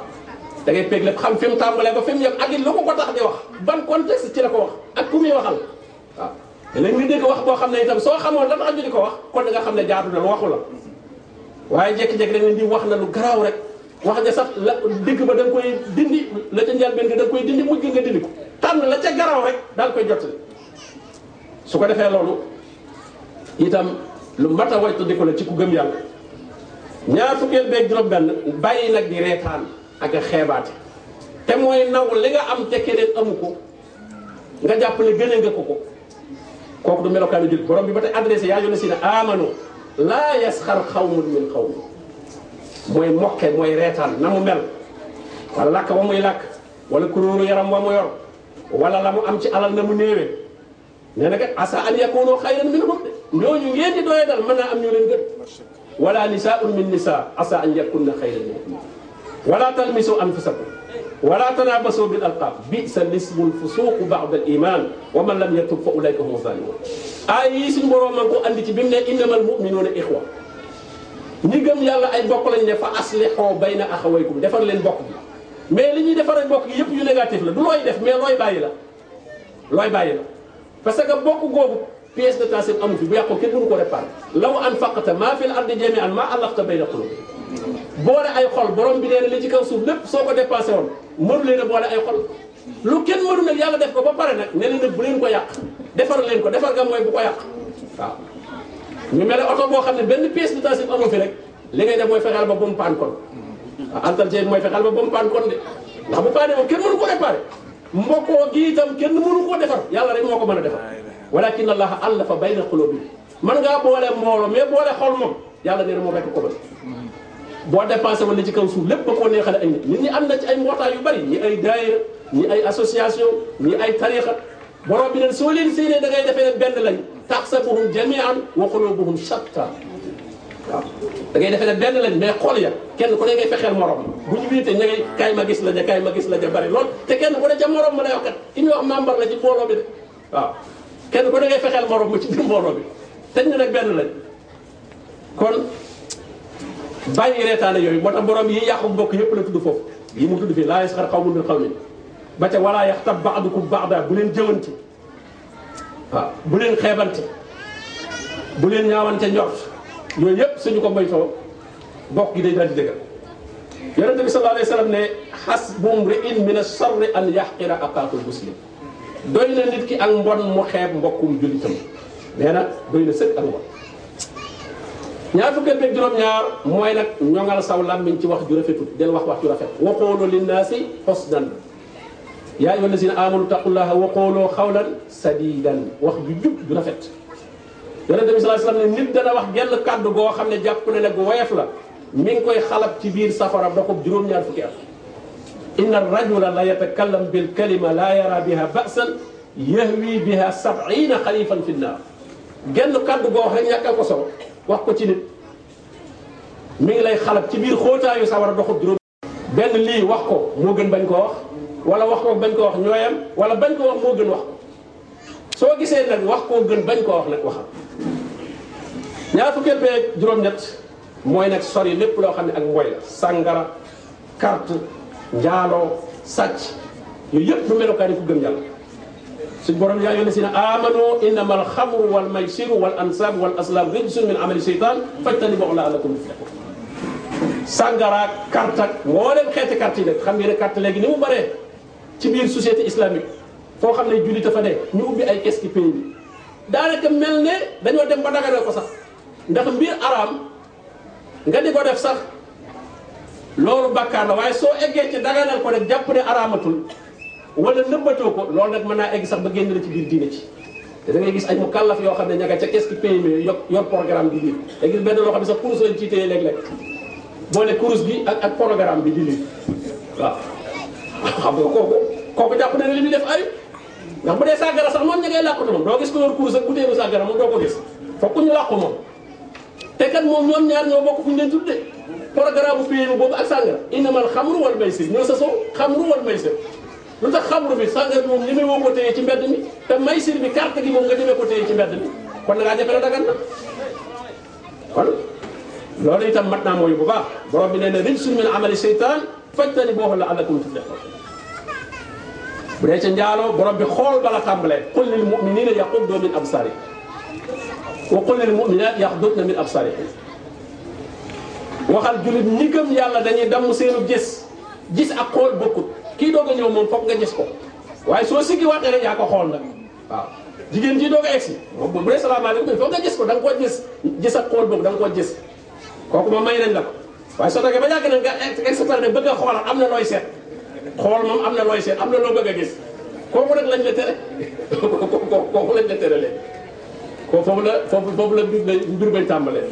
da ngay peeg lépp xam fi mu tàmbalee ba fi mu yem ak ko ko tax di wax ban contexte ci la ko wax ak ku muy waxal waaw te léegi nga dégg wax boo xam ne itam soo xamoon la tax ñu ko wax kon da nga xam ne jaadu na lu waxu la waaye jékki-jékki rek di wax na lu garaaw rek wax ja sax digg ba da nga koy dindi la ca njëlbeen nga da koy dindi mujj nga dindi ko tànn la ca garaw rek daal koy jot su ko defee loolu itam lu mat a waytu di ko la ci ku gëm yàlla ñaar fukkeel beeg juróom-benn bàyyi nag di reetaan ak a xeebaate te mooy naw li nga am te keneen amu ko nga jàpp ne gëne nga ko ko kooku du melokaanu jul borom bi ba tey adressé yaa yona si ne amano laa yasxar xawmun min xawmin mooy mokke mooy reetaan na mu mel wala làkk ba muy làkk wala kuróoru yaram wa wala la mu am ci alal na mu néewee nee na kat asa an yakuunu xayran minhum de ñooñu ngeen di doyee dal mën naa am ñu leen gën wala nisaa'un min nisaa asa an yakunna xayran minhum wala talmisu anfusakum wala tanabasu bil alqab bisa lismul fusuqu ba'da al iman wa man lam yatub fa ulaika humu zalimun ay yi suñu borom ma ko andi ci bi mu ne innamal mu'minuna ixwa ñi gëm yàlla ay bokk lañu ne fa aslihu bayna axawaykum defar leen bokk bi mais li ñuy defaree bokk yëpp yu négatif la du looy def mais looy bàyyi la looy bàyyi la parce que bokk googu pièce de temps amu fi bu yàqoo kenn mënu ko réparer law anfaqta maa fil ardi jami'an maa allafta bayna quluubihim boole ay xol borom bi nee na li ci kaw suuf lépp soo ko dépassé woon mënu leen a ay xol lu kenn mënu nag yàlla def ko ba pare nag ne leen nag bu leen ko yàq defar leen ko defar nga mooy bu ko yàq waaw ñu mel ne oto boo xam ne benn pièce bu taasif amu fi rek li ngay def mooy fexeel ba ba mu paan kon waaw entretien bi mooy fexeel ba ba mu paan kon de ndax bu paanee moom kenn mënu ko réparé mbokkoo gi itam kenn koo defar yàlla rek moo ko mën a defar walakin allaha allafa bayna qulubi man ngaa boole mbooloo mais boole xol moom yàlla nee na moom rek boo def boo dépensé woon li ci kaw suuf lépp ba koo neexale ak nit ñi am na ci ay mbootaay yu bari ñi ay daayira ñi ay association ñi ay tarixa borom bi nag soo leen séenee da ngay defee ne benn lañ taxsabuhum jami'an wa qulubuhum shatta waaw da ngay defee ne benn lañ mais xool ya kenn ku ne ngay fexeel morom bu ñu te ña ngay kaay ma gis la ja kaay ma gis la ja bari lool te kenn ku ne ca morom ma lay wax kat ki ñu wax membre la kenn ku ne fexeel morom ma ci biir mbooloo bi teñ na ne benn lañ kon bàyyi reetaane yooyu moo tax borom yi yàqu mbokk yëpp la tudd foofu yi mu tudd fii laa yasxar qawmun min qawmin ba ca walaa yaxtab baadukum baada bu leen jëwanti waaw bu leen xeebante bu leen ñaawante njort yooyu yëpp suñu ko moytoo bokk gi day daal di dëggal yonent bi sallallahu alayhi wa sallam ne xasbu min as-sarri an yaxqira aqaakul muslim doy na nit ki ak mbon mu xeeb mbokkum jullitam nee na doy na sëkk ak mbon ñaar fukki ak juróom-ñaar mooy nag ñoŋal saw làmmiñ ci wax ju rafetut del wax wax ju rafet waxoolu linnaasi xusnan yaa ayyuha allazina amanu taqullaha wa qulu qawlan sadidan wax ju jub ju rafet yonent bi sallallahu alayhi wasallam ne nit dana wax genn kàddu goo xam ne jàpp ne nag woyof la mi ngi koy xalab ci biir safara da ko juróom-ñaar fukki at inna rajula la yatakallam bil kalima la yara biha ba'san yahwi biha sab'ina xalifan fi nnaar genn kàddu goo xam ne ñàkk ko solo wax ko ci nit mi ngi lay xalab ci biir xóotaayu safara da ko juróom benn lii wax ko moo gën bañ koo wax wala wax ko bañ ko wax ñooyam wala bañ ko wax moo gën wax ko soo gisee nag wax koo gën bañ koo wax nag waxal ñaar fukkeel beeg juróom-ñett mooy nag sori lépp loo xam ne ak mooy la sàngara carte njaaloo sàcc yooyu yëpp du melokaan yi ku gëm yàlla suñ borom yaa yónni si ne amano innama al xamru wal maysiru wal ansaabu wal aslaam rijsun min amali seytaan fajtanibuhu la'allakum tuflihun sàngara ak carte ak moo dem xeeti carte yi nag xam ngeen ne carte léegi ni mu bëree ci biir société islamique foo xam ne jullit dafa ne ñu ubbi ay kees ci pays bi daanaka mel ne dañoo dem ba daganal ko sax ndax mbir araam nga di ko def sax loolu bàkkaar la waaye soo eggee ci daganal ko rek jàpp ne araamatul wala nëbbatoo ko loolu nag mën naa egg sax ba génn na ci biir diine ci te da ngay gis ay mu kàllaf yoo xam ne ña ca kees ci PME yokk yor programme bi lii da gis benn loo xam ne sax kurus lañ ciy téye léeg boole kurus gi ak ak programme bi di xam nga kooku kooku jàpp na ne li muy def ayib ndax bu dee sàggara sax moom ña ngay làkkatu moom doo gis ku yor kurus ak butéelu sàggara moom doo ko gis fokk ñu làkk moom. te kat moom ñoom ñaar ñoo bokk fu ñu leen tuddee programme bu PMU boobu ak sàngara innamal xamru wal maysir ñoo sa sow xamru wal maysir lu tax xamru bi sàngara bi moom li may woo ko téye ci mbedd mi te maysir bi carte gi moom nga demee ko téye ci mbedd mi kon da ngaa jafe la dagan na kon loolu itam mat naa mooy bu baax borom bi nee na rijsun min amali seytaan fajtani boo xam ne àllakum tuflihun bu dee ca njaaloo borom bi xool bala tàmbalee qul lil mu'minina yaquddu min absarihim wa qul lil mu'minati yaxdudna min absarihin waxal jullit ñi gëm yàlla dañuy damm seenu gis gis ak xool bokkut kii doo ko ñëw moom foog nga gis ko waaye soo siggi waxee rek yaa ko xool nag waaw jigéen ji doog a egsi bu dee salaamaaleykum foog nga gis ko da koo gis gis ak xool boobu da koo gis kooku ma may nañ la ko waaye soo toogee ba yàgg nag nga externe bëgg a xool am na looy seet xool moom am na looy seet am na loo bëgg a gis kooku nag lañ la tere kooku lañ la tere leen koo foofu la foofu foofu la mbir mbir bay tàmbalee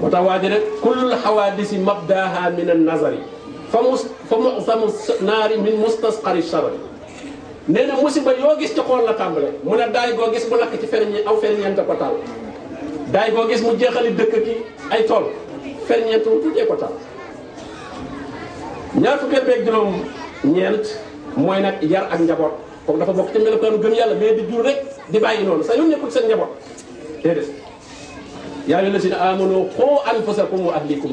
moo tax waa ji rek kullul xawaadisi mabdaaha min an nazari fa mus fa musamu naari min mustasqari sabari nee na musiba yoo gis ci xool la tàmbale mu ne daay goo gis mu lakk ci ferñe aw ferñeent ko taal daay goo gis mu jeexali dëkk ki ay tool ferñeentu tuutee ko tax ñaar fukkeel beeg juróom ñeent mooy nag yar ak njaboot comme dafa bokk ci melokaanu gën yàlla mais di jur rek di bàyyi noonu sa yoon nekkul seen njaboot déedéet yaa ayyuhal lazina aamanu quu anfusakum wa ahliikum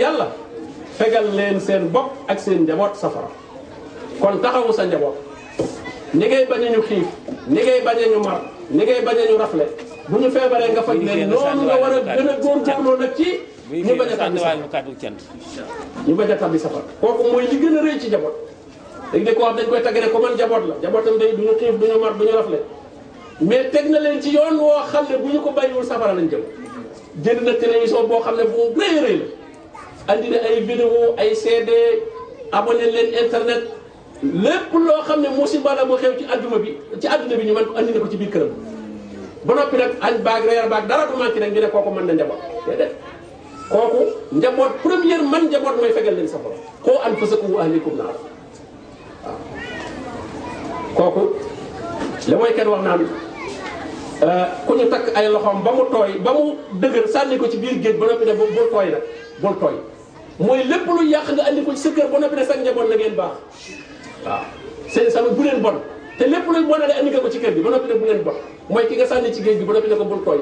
yàlla fegal leen seen bopp ak seen njaboot safara kon taxawu sa njaboot ni ngay ñu xiif ni ngay ñu mar ni ngay ñu rafle bu ñu feebaree nga faj leen noonu nga war a gën a góorgóorloo nag ci ñu bañ a tàbbi safar ñu bañ a tàbbi safar kooku mooy li gën a rëy ci jaboot léegi de ko wax dañ koy tagg rek ko man jaboot la jabootam day duñu xiif duñu mar duñu rafle mais teg na leen ci yoon woo xam bu ñu ko bàyyiwul safara lañ jëm jënd na télévision boo xam ne boo rëy rëy la andi na ay vidéo ay CD abonné leen internet lépp loo xam ne musiba la mu xew ci adduna bi ci adduna bi ñu man ko ko ci biir këram ba noppi nag añ baag reer baag dara du manqué nag ñu ne kooku mën na njaboot déedéet kooku njaboot première man njaboot mooy fegal leen sa borom koo an fasakum wa ahlikum kooku la mooy kenn wax naan euh, ku ñu takk ay loxoom ba mu tooy ba mu dëgër sànni ko ci biir géej ba noppi ne bul tooy nag bul tooy mooy lépp lu yàq nga indi ko ci sa kër ba noppi ne njaboot na ngeen baax waaw seen salu bu leen bon te lépp luy bon nga andi nga ko ci kër gi ba noppi ne bu ngeen mooy ki nga sànni ci géej gi ba noppi ne ko bul tooy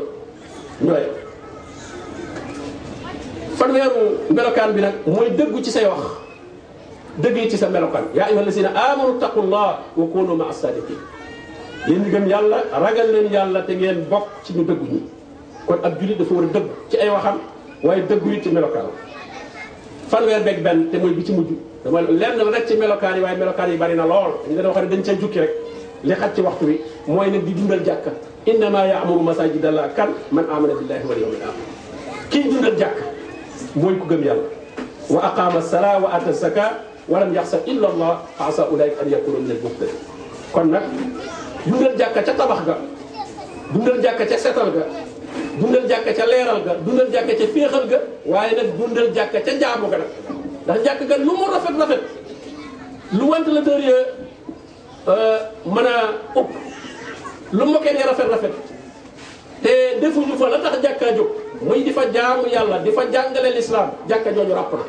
ñooy melokaan bi nag mooy dëggu ci say wax dëgg ci sa melokaan yaa ayyuha allazina amanu taqullah wa kunu ma gëm yàlla ragal leen yàlla te ngeen bokk ci ñu dëggu ñi kon ab jullit dafa war a dëgg ci ay waxam waaye dëggu yi ci melokaan fanweer beeg benn te mooy bi ci mujj dama lenn la rek ci melokaan yi waaye melokaan yi bari na lool ñu dana wax ne dañ ca jukki rek li xaj ci waxtu wi mooy nag di dundal jàkka innama yaamuru masajidallah kan man amana billahi wal yawmil akhir kii dundal jàkk mooy ku gëm yàlla wa aqama salaa wa ata zaka wa lam yaxsa illa allah asa ulaika an yakunu min al muhtadin kon nag dundal jàkka ca tabax ga dundal jàkka ca setal ga dundal jàkka ca leeral ga dundal jàkka ca féexal ga waaye nag dundal jàkka ca jaamu ga nag ndax jàkk ga lu mu rafet rafet lu wante la dër ya euh, mën a upp rafet rafet te defuñu fa la tax jàkka jóg muy di fa jaamu yàlla di fa jàngale lislaam jàkka jooju ràpp na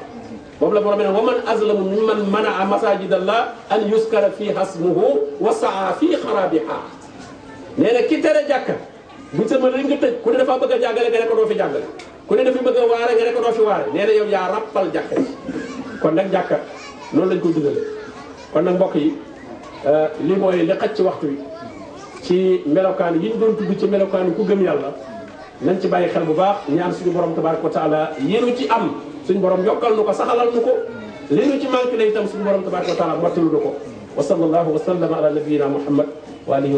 moom la borom ne wa man azlamu mimman manaa masajid allah an yuskara fi hasmuhu wa saa fi xarabiha nee na ki tere jàkka buñ sa mën rek nga tëj ku ne dafa bëgg a nga ne ko doo fi jàngale ku ne dafa bëgg a waare nga ne doo fi waare nee na yow yaa rappal jàkka kon nag jàkka noonu lañ ko dundale kon na mbokk yi euh, li mooy li xaj ci waxtu yi ci melokaan yi ñu doon tudd ci melokaan ku gëm yàlla nañ ci bàyyi xel bu baax ñaan suñu borom tabaraka wa taala yéenu ci am suñu borom yokkal nu ko saxalal nu ko li nu ci manqué la itam suñu borom tabaraka wa taala mottalu nu ko wa sallallahu wa sallama ala